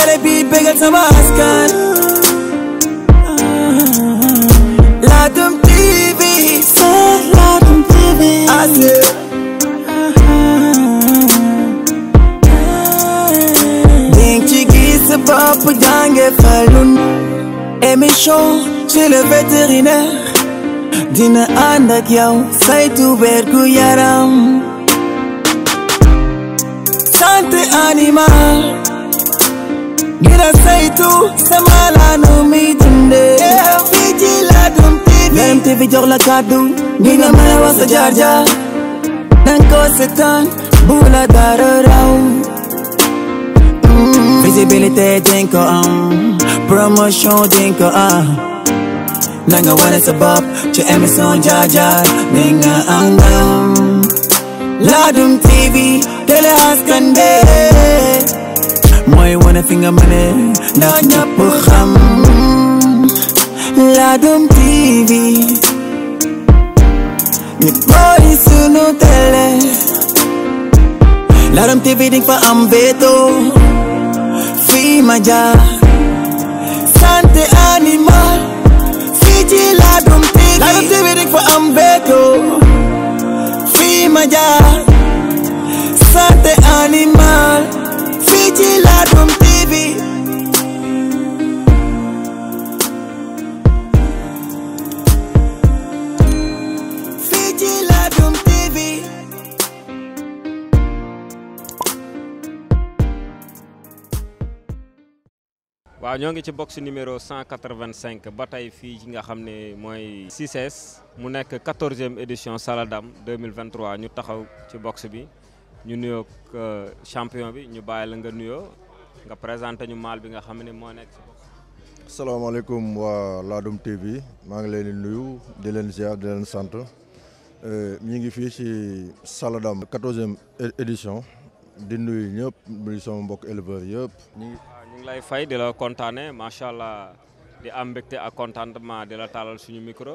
télé bi bégal sama askan Ladoum TV c'est Ladoum TV ning ci gis sa bopp jànge falun émission chez le vétérinaire dina ànd ak yow saytu wér gu yaram santé animal ngir sama laanu mi dundee. fii ci Ladoum TV. Ladoum TV jox la kàddu. ngir nga mën a sa jaar jaar. danga ko seetaan bu dara raw. Mm. visibilité dinga am promotion dinga am. nanga wane sa ci émission jaar jaar ni nga am ndam. Ladoum TV télé askan bi. mooy wane fi nga mëne ndax ñëpp xam Ladoum TV ñu mooy sunu télé Ladoum TV di fa am béto fii ma jaar animal fii ci Ladoum TV Ladoum TV fa am béto fii ma jaar waaw ñoo ngi ci box numéro 185 ba tey fii ci nga xam ne mooy CICES mu nekk 14e édition Saladam 2023 ñu taxaw ci box bi ñu nuyoo euh, champion bi ñu bàyyi la nga nuyoo nga présenté ñu maal bi nga xam ne moo nekk ci box asalaamaaleykum waa maa ngi leen nuyu di leen ziar di leen sant euh, ñu ngi fii ci Saladam 14e édition di nuyu ñëpp nuyu sama mbokk éleveurs yëpp. ñu ngi lay fay di la kontaane macha allah di am mbégte ak contentement di la taalal suñu micro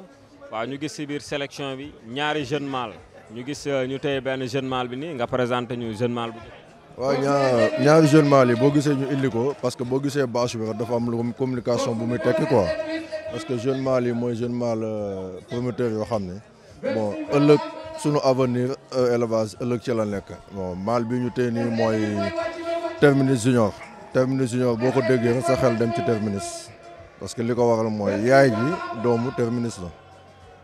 waaw ñu gis si biir sélection bi ñaari jeune mâle ñu gis euh, ñu téye benn jeune mal bi nii nga présenté ñu jeune bi bu waaw ñaari jeune mal yi boo gisee ñu indi ko parce que boo gisee bâche bi dafa am communication bu muy tekki quoi parce que jeune mal yi mooy jeune mal euh, promoteur yoo xam ne bon ëllëg sunu avenir euh, élevage ëllëg ci la nekk bon mâle bi ñu téye nii mooy Terminus Junior terminus junior boo ko déggee sa xel dem ci terminus parce que li ko waral mooy yaay ji doomu terminus la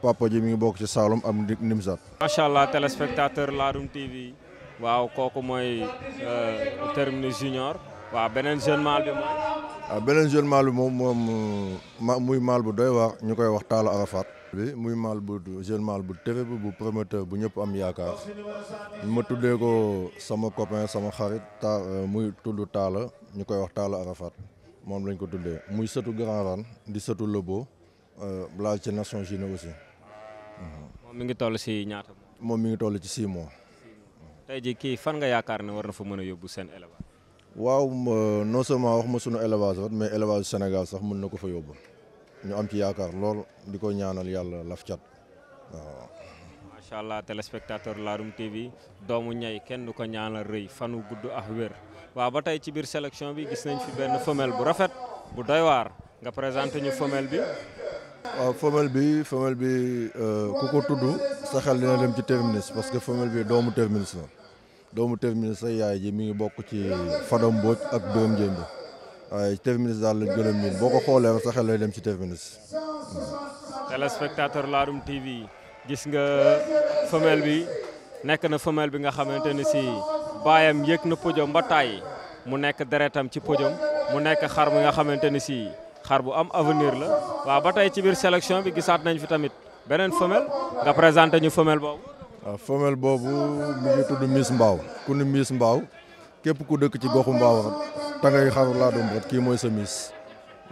papa ji mi ngi bokk ci Saloum am di Nimzat. macha allah téléspectateur Ladoum TV waaw kooku mooy euh, terminus junior waa beneen jeune mâle bi mooy. waaw ah, beneen moom muy mâle bu doy waar ñu koy wax Talla Arafat. bi muy mâle bu jeune mâle bu terrible bu prometteur bu ñëpp am yaakaar ma tuddee ko sama copain sama xarit ta euh, muy tudd Talla. ñu koy wax Talla Arafat moom lañ ko tuddee muy sëtu Grand Rane di sëtu Lobo euh, laal ci Nations Unies aussi. Mhm. moom mi ngi toll si ñaata. moom mi ngi toll ci six mois. tey jii kii fan nga yaakaar ne war na fa mën a yóbbu seen élevage. waaw euh, non seulement wax ma sunu élevage wat mais élevage Sénégal sax mën na ko fa yóbbu ñu am ci yaakaar lool di ko ñaanal yàlla laf cat waaw. macha allah téléspectateur Ladoum TV doomu ñay kenn du ko ñaanal rëy fanu gudd ak wér waaw ba tey ci biir sélection bi gis nañ fi benn femelle bu rafet bu doy nga présenté ñu femelle bi. waaw bi femelle bi euh, ku ko tudd sa xel dina dem ci terminus parce que femelle bi doomu terminus la doomu terminus sa yaay ji mi ngi bokk ci Fadam Mbodj ak doom Jémb waaye terminus daal lañ gën boo ko xoolee sa xel lay dem ci terminus. téléspectateur Ladoum TV. gis nga femelle bi nekk na femelle bi nga xamante ni si baayam yëg na podium ba tàyyi mu nekk deretam ci podium mu nekk xar mi nga xamante ni si xar bu am avenir la waaw ba tey ci biir sélection bi gisaat nañ fi tamit beneen femelle nga présenté ñu femelle boobu. waaw boobu mu ngi tudd Miss Mbaaw ku ni Mbaaw képp ku dëkk ci goxu Mbaaw ta xaru laa doon rek kii mooy sa Miss.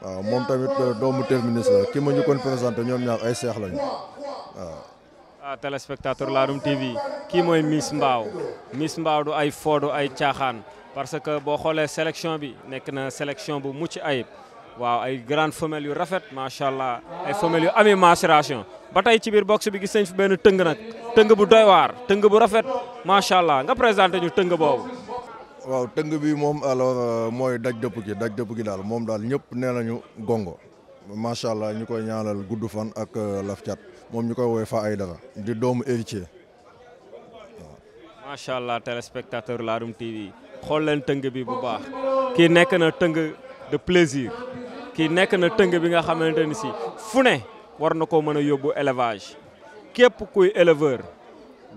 waaw moom tamit euh, doomu terminus la ki ma ñu kon présenté ñoom ñaar ay seex lañu waaw. à téléspectateur Ladoum TV kii mooy Miss mbaaw miis Mbao du ay foo ay caaxaan parce que boo xoolee sélection bi nekk na sélection bu mucc ayib waaw ay grande femelles yu rafet macha allah ay femelles yu amee maturation ba tey ci biir box bi gis nañ fi benn tëng nag tëng bu doy waar tëng bu rafet macha allah nga présenté ñu tëng boobu. waaw tëng bi moom alors euh, mooy daj dëpp gi daj dëpp gi daal moom daal ñëpp nee nañu gongo. macha allah ñu koy ñaanal gudd fan ak euh, laf cat moom ñu koy woowee Fa Aidara di doomu héritier. macha allah téléspectateur Ladoum TV xool leen tëng bi bu baax kii nekk na tëng de plaisir kii nekk na tëng bi nga xamante ni si fu ne war na koo mën a yóbbu élevage képp kuy éleveur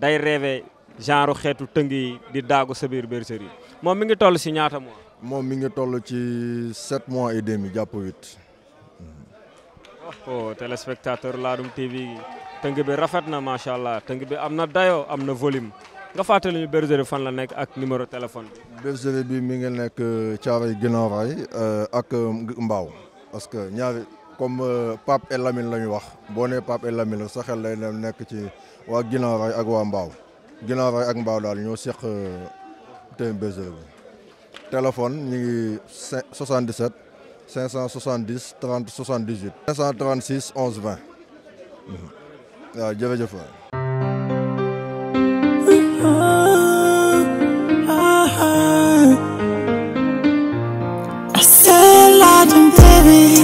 day rêvé genre xeetu tëng yi di daagu sa biir bergerie moom mi ngi toll si ñaata mois. moom mi ngi toll ci 7 mois et demi jàpp 8. oh téléspectateur Ladoum TV tëng bi rafet na macha allah tëng bi am na dayo am na volume nga fàttali ñu bergerie fan la nekk ak numéro téléphone bi. bergerie bi mi ngi nekk Thiaroye Guinaw Rail euh, ak euh, Mbao parce que ñaari comme euh, Pape et Lamine la ñu wax boo nee Pape et Lamine sa xel lay nekk ci waa Guinaw Rail ak waa Mbao Guinaw Rail ak Mbao daal ñoo seq te bergerie bi téléphone ñu ngi 77. 570 30 78. 536 11 20. waaw jërëjëf waay.